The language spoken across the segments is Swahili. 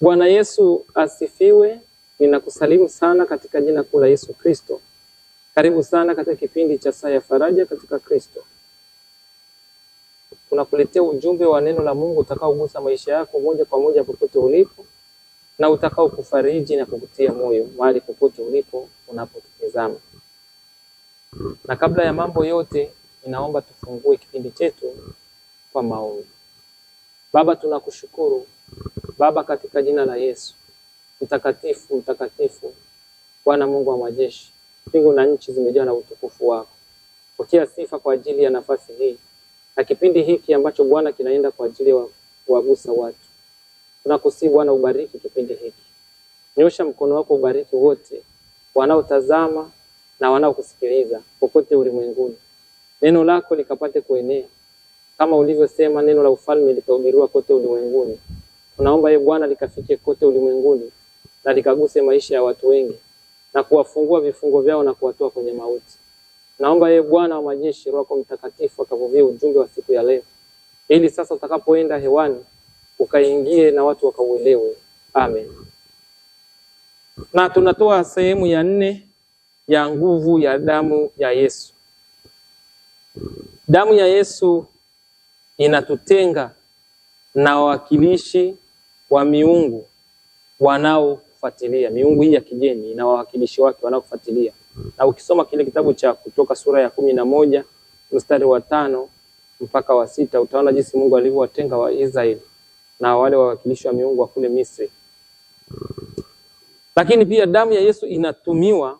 Bwana Yesu asifiwe. Ninakusalimu sana katika jina kuu la Yesu Kristo. Karibu sana katika kipindi cha Saa ya Faraja katika Kristo. Tunakuletea ujumbe wa neno la Mungu utakaogusa maisha yako moja kwa moja popote ulipo na utakao kufariji na kukutia moyo mahali popote ulipo unapotazama. Na kabla ya mambo yote, ninaomba tufungue kipindi chetu kwa maombi. Baba, tunakushukuru Baba, katika jina la Yesu, mtakatifu, mtakatifu, Bwana Mungu wa majeshi, mbingu na nchi zimejaa na utukufu wako. Pokea sifa kwa ajili ya nafasi hii na kipindi hiki ambacho Bwana kinaenda kwa ajili ya kuwagusa watu. Tunakusihi Bwana, ubariki kipindi hiki, nyosha mkono wako, ubariki wote wanaotazama na wanaokusikiliza popote ulimwenguni, neno lako likapate kuenea kama ulivyosema, neno la ufalme likahubiriwa kote ulimwenguni. Tunaomba ye Bwana likafike kote ulimwenguni na likaguse maisha ya watu wengi na kuwafungua vifungo vyao na kuwatoa kwenye mauti. Naomba ye Bwana wa majeshi, Roho Mtakatifu akavuvie ujumbe wa siku ya leo, ili sasa utakapoenda hewani ukaingie na watu wakauelewe. Amen. Na tunatoa sehemu ya nne ya nguvu ya damu ya Yesu. Damu ya Yesu inatutenga na wawakilishi wa miungu wanaofuatilia. Miungu hii ya kigeni ina wawakilishi wake wanaofuatilia, na ukisoma kile kitabu cha Kutoka sura ya kumi na moja mstari wa tano mpaka wa sita utaona jinsi Mungu alivyowatenga Israeli na wale wawakilishi wa miungu wa kule Misri. Lakini pia damu ya Yesu inatumiwa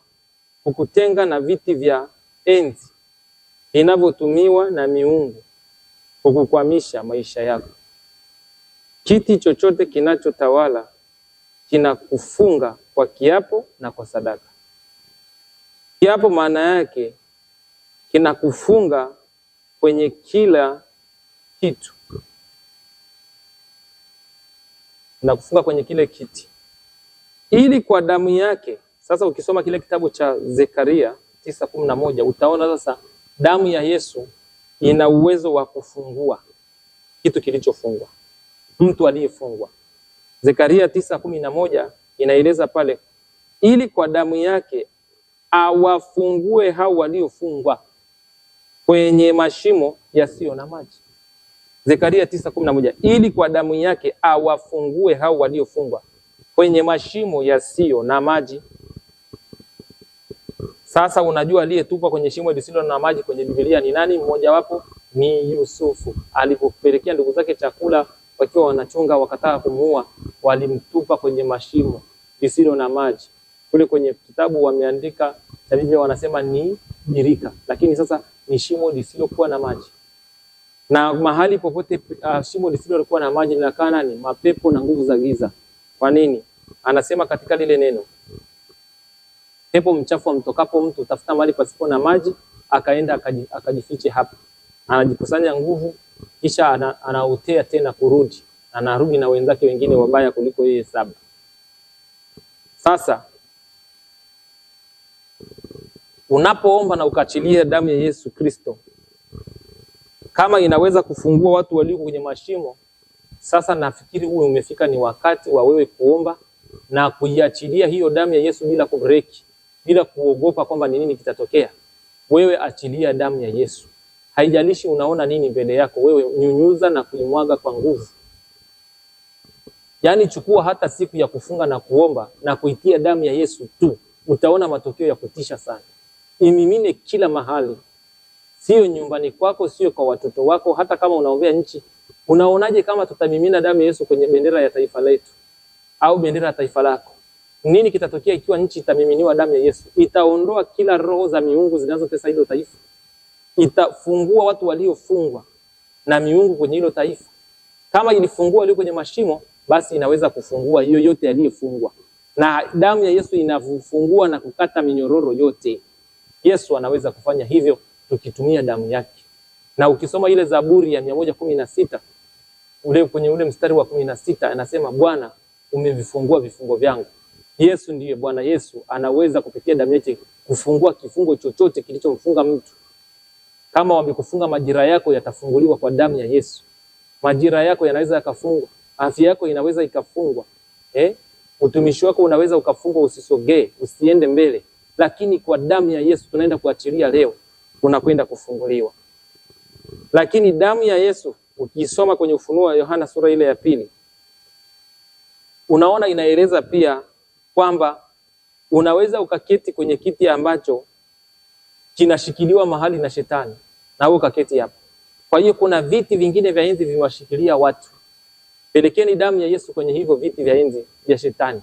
kukutenga na viti vya enzi inavyotumiwa na miungu kukukwamisha maisha yako. Kiti chochote kinachotawala kinakufunga kwa kiapo na kwa sadaka. Kiapo maana yake kinakufunga kwenye kila kitu, kinakufunga kwenye kile kiti, ili kwa damu yake. Sasa ukisoma kile kitabu cha Zekaria tisa kumi na moja utaona sasa damu ya Yesu ina uwezo wa kufungua kitu kilichofungwa mtu aliyefungwa. Zekaria tisa kumi na moja inaeleza pale, ili kwa damu yake awafungue hao waliofungwa kwenye mashimo yasiyo na maji. Zekaria tisa kumi na moja ili kwa damu yake awafungue hao waliofungwa kwenye mashimo yasiyo na maji. Sasa unajua aliyetupwa kwenye shimo lisilo na maji kwenye Biblia ni nani? Mmojawapo ni Yusufu, alipopelekea ndugu zake chakula wakiwa wanachunga wakataka kumuua, walimtupa kwenye mashimo lisilo na maji. Kule kwenye kitabu wameandika Biblia wanasema ni birika, lakini sasa ni shimo lisilokuwa na maji. Na mahali popote uh, shimo lisilokuwa na maji linakaa nani? Mapepo na nguvu za giza. Kwa nini? Anasema katika lile neno, pepo mchafu amtokapo mtu tafuta mahali pasipo na maji, akaenda akajifiche hapo, anajikusanya nguvu kisha ana, anaotea tena kurudi, anarudi na wenzake wengine wabaya kuliko yeye saba. Sasa unapoomba na ukaachilia damu ya Yesu Kristo, kama inaweza kufungua watu walio kwenye mashimo, sasa nafikiri huo umefika, ni wakati wa wewe kuomba na kuiachilia hiyo damu ya Yesu bila kubreki, bila kuogopa kwamba ni nini kitatokea. Wewe achilia damu ya Yesu. Haijalishi unaona nini mbele yako wewe, nyunyuza na kuimwaga kwa nguvu. Yaani chukua hata siku ya kufunga na kuomba na kuitia damu ya Yesu tu, utaona matokeo ya kutisha sana. Imimine kila mahali, sio nyumbani kwako, sio kwa watoto wako. Hata kama unaombea nchi, unaonaje kama tutamimina damu ya Yesu kwenye bendera ya taifa letu au bendera ya taifa lako? Nini kitatokea ikiwa nchi itamiminiwa damu ya Yesu? Itaondoa kila roho za miungu zinazotesa hilo taifa itafungua watu waliofungwa na miungu kwenye hilo taifa. Kama ilifungua walio kwenye mashimo, basi inaweza kufungua yoyote aliyefungwa, na damu ya Yesu inavufungua na kukata minyororo yote. Yesu anaweza kufanya hivyo tukitumia damu yake. Na ukisoma ile Zaburi ya mia moja kumi na sita ule kwenye ule mstari wa kumi na sita anasema Bwana, umevifungua vifungo vyangu. Yesu ndiye Bwana. Yesu anaweza kupitia damu yake kufungua kifungo chochote kilichomfunga mtu. Kama wamekufunga majira yako yatafunguliwa kwa damu ya Yesu. Majira yako yanaweza yakafungwa, afya yako inaweza ikafungwa, eh? Utumishi wako unaweza ukafungwa, usisogee, usiende mbele, lakini kwa damu ya Yesu tunaenda kuachilia leo, unakwenda kufunguliwa. Lakini damu ya Yesu ukiisoma kwenye Ufunuo wa Yohana sura ile ya pili, unaona inaeleza pia kwamba unaweza ukaketi kwenye kiti ambacho kinashikiliwa mahali na shetani na wewe kaketi hapo. Kwa hiyo kuna viti vingine vya enzi vimewashikilia watu. Pelekeni damu ya Yesu kwenye hivyo viti vya enzi vya shetani.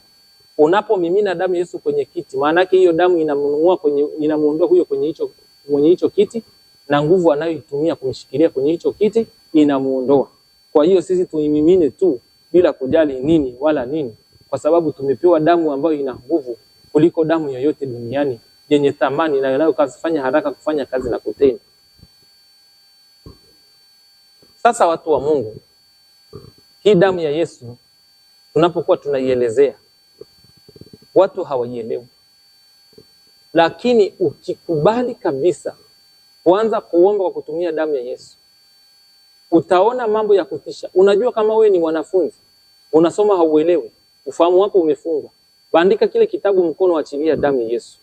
Unapomimina damu ya Yesu kwenye kiti, maana yake hiyo damu inamuondoa kwenye inamuondoa huyo kwenye hicho kwenye hicho kiti na nguvu anayoitumia kumshikilia kwenye hicho kiti inamuondoa. Kwa hiyo sisi tuimimine tu bila kujali nini wala nini, kwa sababu tumepewa damu ambayo ina nguvu kuliko damu yoyote duniani yenye thamani na nayo kazifanya haraka kufanya kazi na kutenda. Sasa watu wa Mungu, hii damu ya Yesu tunapokuwa tunaielezea watu hawaielewi, lakini ukikubali kabisa kuanza kuomba kwa kutumia damu ya Yesu utaona mambo ya kutisha. Unajua, kama wewe ni mwanafunzi unasoma hauelewi, ufahamu wako umefungwa, bandika kile kitabu, mkono, achilia damu ya Yesu.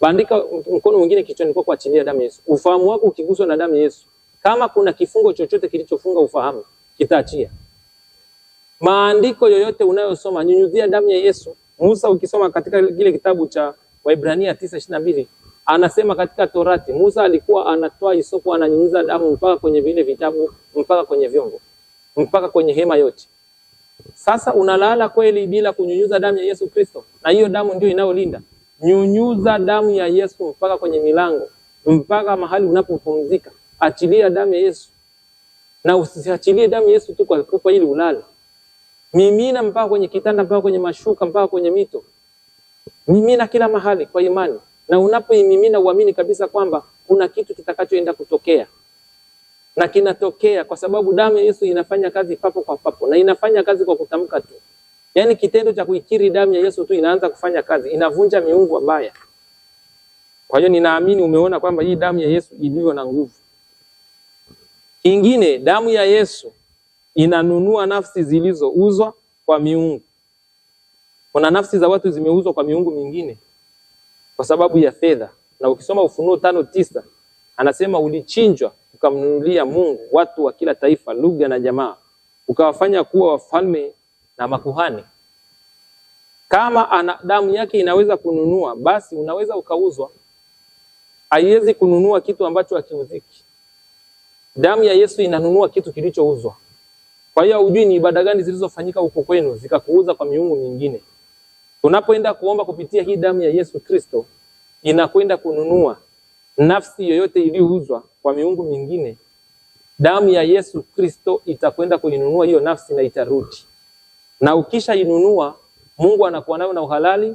Bandika mkono mwingine kichwani kwako, achilia damu ya Yesu. Ufahamu wako ukiguswa na damu ya Yesu, kama kuna kifungo chochote kilichofunga ufahamu, kitaachia. Maandiko yoyote unayosoma, nyunyuzia damu ya Yesu. Musa, ukisoma katika kile kitabu cha Waibrania 9:22 anasema katika Torati, Musa alikuwa anatoa hisopo ananyunyiza damu mpaka kwenye vile vitabu, mpaka kwenye vyombo, mpaka kwenye hema yote. Sasa unalala kweli bila kunyunyuza damu ya Yesu Kristo, na hiyo damu ndio inayolinda. Nyunyuza damu ya Yesu mpaka kwenye milango, mpaka mahali unapopumzika. Achilia damu ya Yesu, na usiachilie damu ya Yesu tu kwa kufa ili ulale. Mimina mpaka kwenye kitanda, mpaka kwenye mashuka, mpaka kwenye mito. Mimina kila mahali kwa imani, na unapoimimina uamini kabisa kwamba kuna kitu kitakachoenda kutokea na kinatokea, kwa sababu damu ya Yesu inafanya kazi papo kwa papo, na inafanya kazi kwa kutamka tu. Yaani kitendo cha kuikiri damu ya Yesu tu inaanza kufanya kazi, inavunja miungu mbaya. Kwa hiyo ninaamini umeona kwamba hii damu ya Yesu ilivyo na nguvu. Kingine, damu ya Yesu inanunua nafsi zilizouzwa kwa miungu. Kuna nafsi za watu zimeuzwa kwa miungu mingine kwa sababu ya fedha, na ukisoma Ufunuo tano tisa anasema ulichinjwa ukamnunulia Mungu watu wa kila taifa, lugha na jamaa, ukawafanya kuwa wafalme na makuhani. Kama ana damu yake inaweza kununua, basi unaweza ukauzwa. Haiwezi kununua kitu ambacho hakiuziki. Damu ya Yesu inanunua kitu kilichouzwa. Kwa hiyo hujui ni ibada gani zilizofanyika huko kwenu zikakuuza kwa miungu mingine. Unapoenda kuomba kupitia hii damu ya Yesu Kristo, inakwenda kununua nafsi yoyote iliyouzwa kwa miungu mingine. Damu ya Yesu Kristo itakwenda kuinunua hiyo nafsi na itarudi na ukishainunua Mungu anakuwa nayo na uhalali,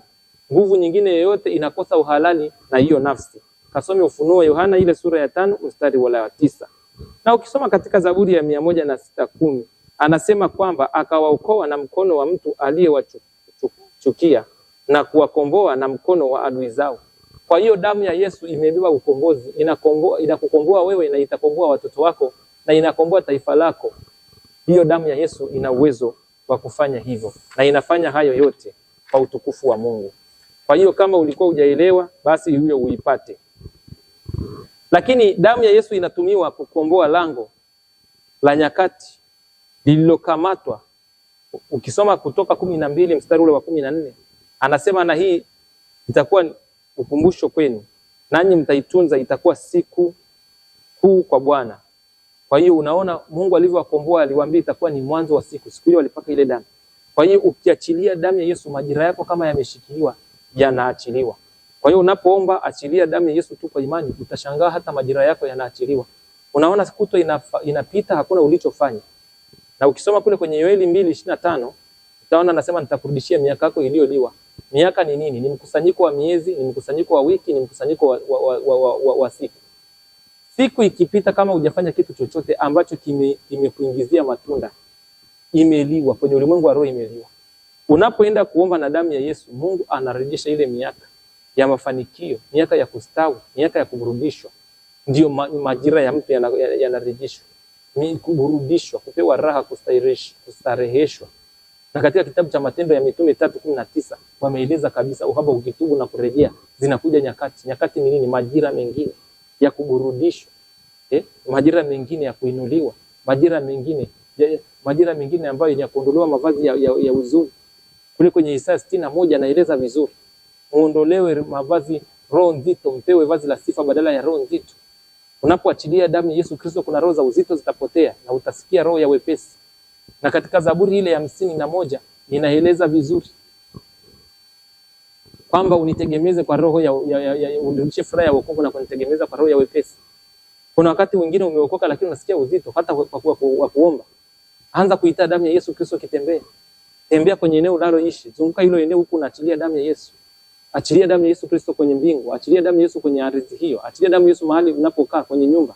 nguvu nyingine yoyote inakosa uhalali na hiyo nafsi. Kasome Ufunuo Yohana ile sura ya tano mstari wa tisa na ukisoma katika Zaburi ya mia moja na sita kumi anasema kwamba akawaokoa na mkono wa mtu aliyewachukia na kuwakomboa na mkono wa adui zao. Kwa hiyo damu ya Yesu imebeba ukombozi, inakomboa, inakukomboa wewe na itakomboa watoto wako na inakomboa taifa lako. Hiyo damu ya Yesu ina uwezo kwa kufanya hivyo, na inafanya hayo yote kwa utukufu wa Mungu. Kwa hiyo kama ulikuwa hujaelewa, basi hiyo uipate. Lakini damu ya Yesu inatumiwa kukomboa lango la nyakati lililokamatwa. Ukisoma Kutoka kumi na mbili mstari ule wa kumi na nne anasema na hii itakuwa ukumbusho kwenu, nanyi mtaitunza, itakuwa siku kuu kwa Bwana. Kwa hiyo unaona Mungu alivyowakomboa, aliwaambia itakuwa ni mwanzo wa siku, siku hiyo walipaka ile damu. Kwa hiyo ukiachilia damu ya Yesu, majira yako kama yameshikiliwa yanaachiliwa. Kwa hiyo unapoomba achilia damu ya Yesu tu kwa imani, utashangaa hata majira yako yanaachiliwa. Unaona kuto inapita hakuna ulichofanya. Na ukisoma kule kwenye Yoeli 2:25 utaona anasema nitakurudishia miaka yako iliyoliwa. Miaka ni nini? Ni mkusanyiko wa miezi, ni mkusanyiko wa wiki, ni mkusanyiko wa, wa, wa, wa, wa, wa siku. Siku ikipita kama hujafanya kitu chochote ambacho kimekuingizia kime matunda, imeliwa kwenye ulimwengu wa roho, imeliwa. Unapoenda kuomba na damu ya Yesu, Mungu anarejesha ile miaka ya mafanikio, miaka ya kustawi, miaka ya kuburudishwa. Ndiyo majira ya mtu yanarejeshwa, kuburudishwa, kupewa raha, kustareheshwa. Na katika kitabu cha Matendo ya Mitume tatu kumi na tisa wameeleza kabisa uhaba, ukitubu na kurejea, zinakuja nyakati. Nyakati ni nini? Majira mengine ya kuburudishwa eh? majira mengine ya kuinuliwa, majira mengine ya, majira mengine ambayo ni ya kuondolewa mavazi ya, ya, ya uzuri kule kwenye Isaya sitini na moja anaeleza vizuri, muondolewe mavazi roho nzito, mpewe vazi la sifa badala ya roho nzito. Unapoachilia damu ya Yesu Kristo, kuna roho za uzito zitapotea na utasikia roho ya wepesi. Na katika Zaburi ile ya hamsini na moja inaeleza vizuri kwamba unitegemeze kwa roho ya, ya, ya, ya unirudishe furaha ya wokovu na kunitegemeza kwa roho ya wepesi. Kuna wakati wengine umeokoka lakini unasikia uzito hata kwa, ku, ku, kuomba. Anza kuita damu ya Yesu Kristo kitembee. Tembea kwenye eneo unaloishi, zunguka hilo eneo huku unaachilia damu ya Yesu. Achilia damu ya Yesu Kristo kwenye mbingu, achilia damu ya Yesu kwenye ardhi hiyo, achilia damu ya Yesu mahali unapokaa kwenye nyumba.